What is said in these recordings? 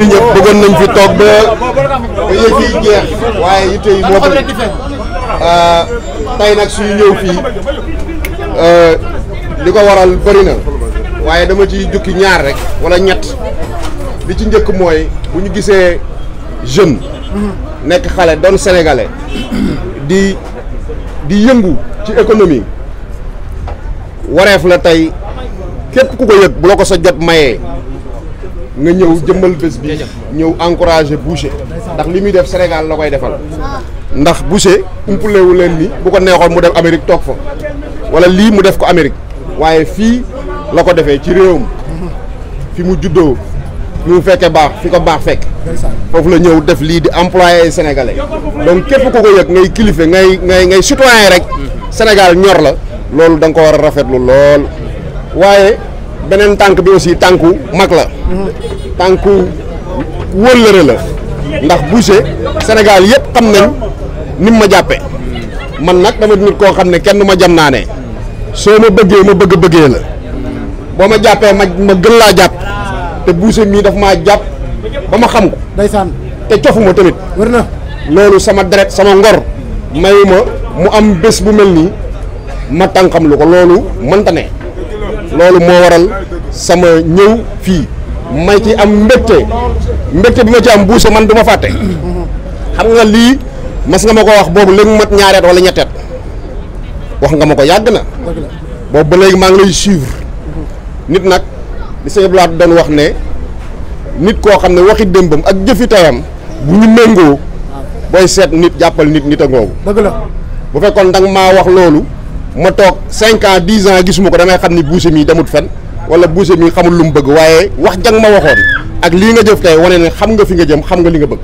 ñun ñëpp bëggoon nañ fi toog ba ba yi jeex waaye yitte yi moo bëri euh, tey nag suñu ñëw fii euh, li ko waral bëri na waaye dama ci jukki ñaar rek wala ñett li ci njëkk mooy bu ñu gisee jeune nekk xale doon sénégalais di di yëngu ci économie wareef la tey képp ku ko yëg bu la ko sa jot mayee nga ñëw jëmbal bés bi ñëw encouragé Boucher ndax li muy def Sénégal la koy defal ndax Boucher umpalewu leen ni bu ko neexoon mu dem Amérique toog fa wala lii mu def ko Amérique waaye fii la ko defee ci réewam fi mu juddoo fi mu fekkee baax fi ko baax fekk foofu la ñëw def lii di employé sénégalais donc képp ko ko yëg ngay kilife ngay ngay ngay citoyen rek Sénégal ñor la loolu da nga ko war a rafetlu lool waaye beneen tànk bi aussi tànku mag la tànku wëllëre la ndax Boucher Sénégal yëpp xam nañ ni ma jàppe man nag dama nit koo xam ne kenn ma jam naa ne soo ma bëggee ma bëgg bëggee la boo ma jàppee ma ma gën laa jàpp te Boucher mii daf maa jàpp ba ma xam ko ndeysaan te cofuma tamit wër na loolu sama deret sama ngor mayuma mu am bés bu mel nii ma tànkam lu ko loolu mënta ne loolu moo waral sama ñëw fii may ci am mbégte mbégte bi ma ci am buusa man du ma fàtte xam nga lii mas nga ma ko wax boobu léegi mat ñaareet wala ñetteet wax nga ma ko yàgg na ba léegi maa ngi lay suivre nit nag li sëñ Blaat doon wax ne nit koo xam ne waxi démbam ak jëfi tayam bu ñu méngoo booy seet nit jàppal nit nit a ngoogu dëgg la bu fekkoon danga maa wax loolu ma toog cinq ans dix ans gisuma ko damay xam ni Boucher mii demut fen wala Boucher mii xamul lu mu bëgg waaye wax jang ma waxoon ak lii nga jëf tey wane ne xam nga fi nga jëm xam nga li nga bëgg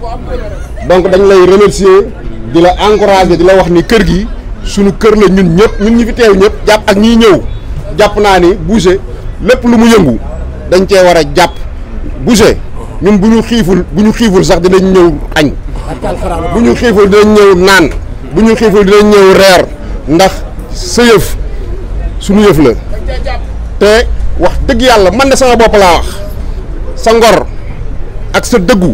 donc dañ lay remercier di la encourager di la wax ni kër gi suñu kër la ñun ñëpp ñun ñi fi teew ñëpp jàpp ak ñiy ñëw jàpp naa ni Boucher lépp lu mu yëngu dañ cee war a jàpp Boucher ñun bu ñu xiiful bu ñu xiiful sax dinañ ñëw añ bu ñu xiiful dinañ ñëw bu ñu xiiful dinañ ñëw reer ndax sa yëf suñu yëf la te wax dëgg yàlla man na sama bopp laa wax sa ngor ak sa dëggu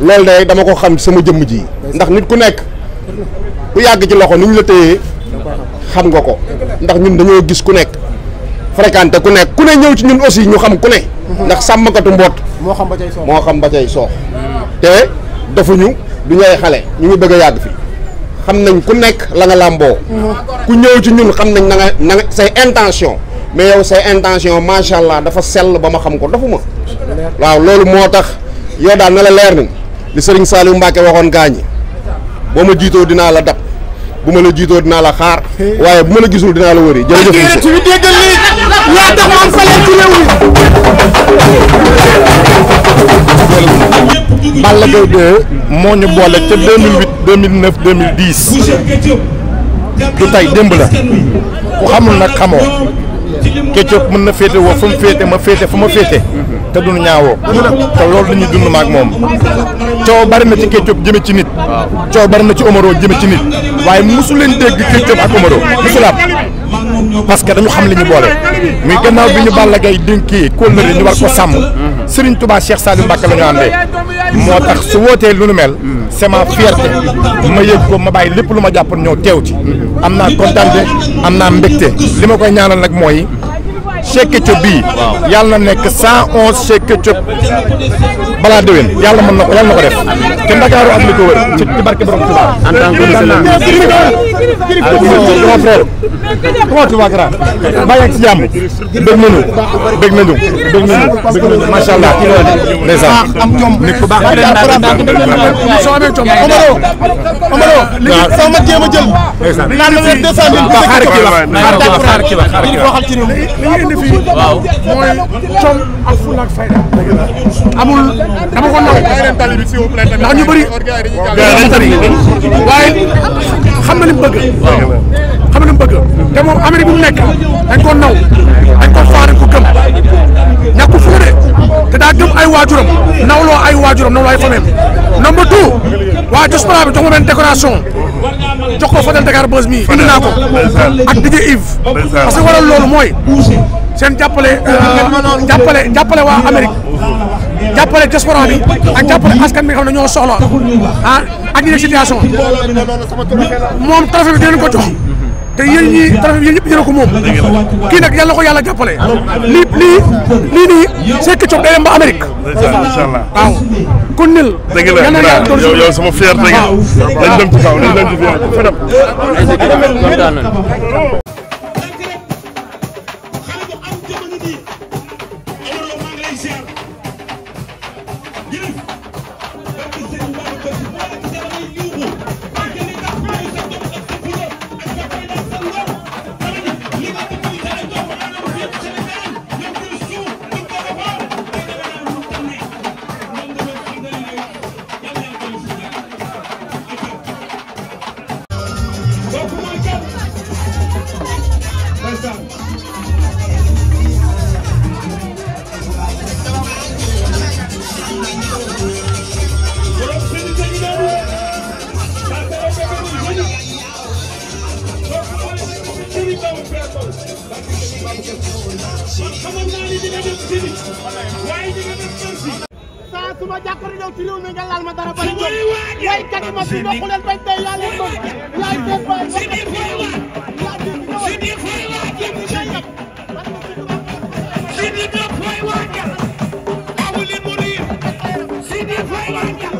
loolu day dama ko xam sama jëmm ji ndax nit ku nekk ku yàgg ci loxo ni ñu la téyee xam nga ko ndax ñun dañoo gis ku nekk fréquenté ku nekk ku ne ñëw ci ñun aussi ñu xam ku ne ndax sàmmkatu mboot moo xam ba cay soox te defuñu du ñuy xale ñu ngi bëgg a yàgg fi xam nañ ku nekk la nga làmboo ku ñëw ci ñun xam nañ na na say intention mais yow say intention macha allah dafa sell ba ma xam ko dafuma waaw loolu moo tax yow daal na la leer ni li sëriñ Saliou Mbacke waxoon gaañi boo ma jiitoo dinaa la dab bu ma la jiitoo dinaa la xaar waaye bu ma la gisul dinaa la wëri jërëjëf. yaa tax man fale ci réew mi Balla Gaye 2 moo ñu boole ca 2008 2009 2010 du tey démb la ku xamul nag xamoo Ketchup mën na féete woo fa mu féete ma féete fu ma féete te duñu ñaawoo te loolu la ñuy dund maag moom coow bari na ci Ketchup jëme ci nit coow bari na ci Omaro jëme ci nit waaye mosu leen dégg Ketchup ak Omaro mosulaam parce que dañu xam li ñu boole muy gannaaw bi ñu Balla Gaye dénkee kóllëre ñu war ko sàmm Serigne Touba Cheikh Saliou Mbacké la ñu àndee moo tax su wootee lu nu mel. c'est ma fierté ma yëg ko ma bàyyi lépp lu ma jàppoon ñëw teew ci. am naa kontaan am naa mbégte li ma koy ñaanal nag mooy. Cheikh Ketchup bii. waaw na nekk 111 Cheikh Ketchup balaa déwén yàlla na ko yàlla na ko def te Ndakaaru ak li ko ci barke borom Tuubaa. en tant que monsieur ci jàmm bëgg nañu bëgg nañu bëgg nañu bëgg allah am jom nit ku baax soo amee jom Omaro Omaro li sama a la 200 000 xaar ki wax xaar ki wax xaar indi fii. waaw amul dama ko noonu. ndax ñu bëri. waaye xam na li mu bëgg. xam na li mu te moom Amérique bu mu nekk dañ ko naw dañ ko faa dañ ko gëm te daa gëm ay waajuram nawloo ay waajuram nawloo ay famem number two waa diaspora bi jox ma benn décoration. jox ko Fadel Dakar Buzz mi indi naa ko ak DJ Yves parce waral loolu mooy seen jàppale euh, jàppale jàppale waa Amérique jàppale diaspora bi ak jàppale askan bi nga xam ne ñoo soxla ah ak ñi nekk situation moom trophée bi dinañ ko jox te yéen ñii trophée bi yéen ko moom kii nag yàlla ko yàlla jàppale lii lii lii nii c'est que coob day dem ba ku nil. dëgg la yow yow sama fierté nga. lañ dem ci kaw lañ dem ci fierté fa dem. xam naa ni di nga def fini waaye di nga def farsi saa su ma jàkkari ñëw ci réew mi nga laal ma dara bari ñoom waaye kat ma si nokku leen bañ tey yaa leen mën yaay seen baay si di fay waa si di fay waa jëm sa yab si di fay waa jëm awuli murir si di fay waa jëm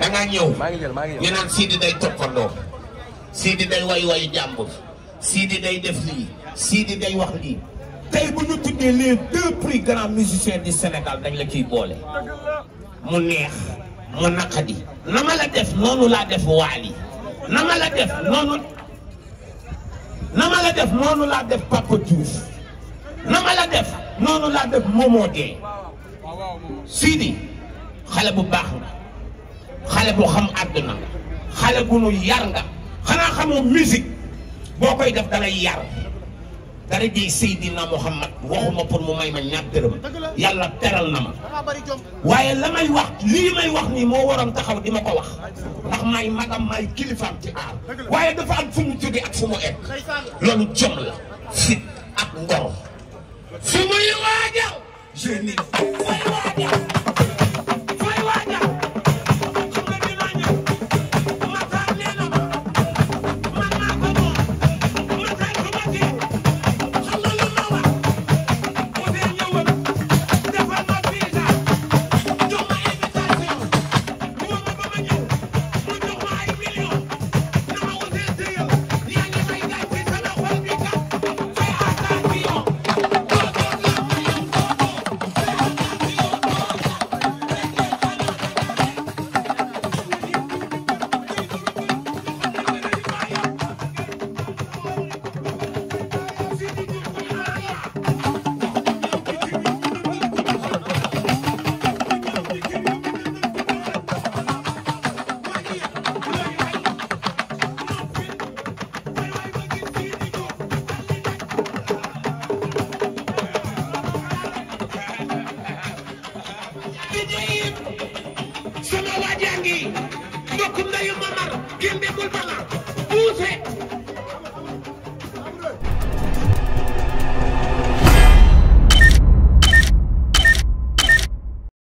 da ngaa ñëw ñu naan Sidi day toppandoo Sidi day way wayu jàmbur Sidi day def lii Sidi day wax lii tey bu ñu tuddee les deux plus grands musiciens du Sénégal dañ la ciy boole mu neex mu naqadi na ma la def noonu laa def waali na la def noonu na ma la def noonu laa def Papa Diouf na la def noonu laa def Momo Dee xale bu baax na xale bu xam àdduna nga xale bu nu yar nga xanaa xamoo musique boo koy def dalay yar dara jëy Seydina Muhammad waxuma pour mu may ma ñaar dërëm yàlla teral na ma waaye la may wax lii may wax nii moo waroon taxaw di ma ko wax ndax maay magam maay kilifaam ci aar waaye dafa am fu mu jóge ak fu mu egg loolu jom la fit ak ngor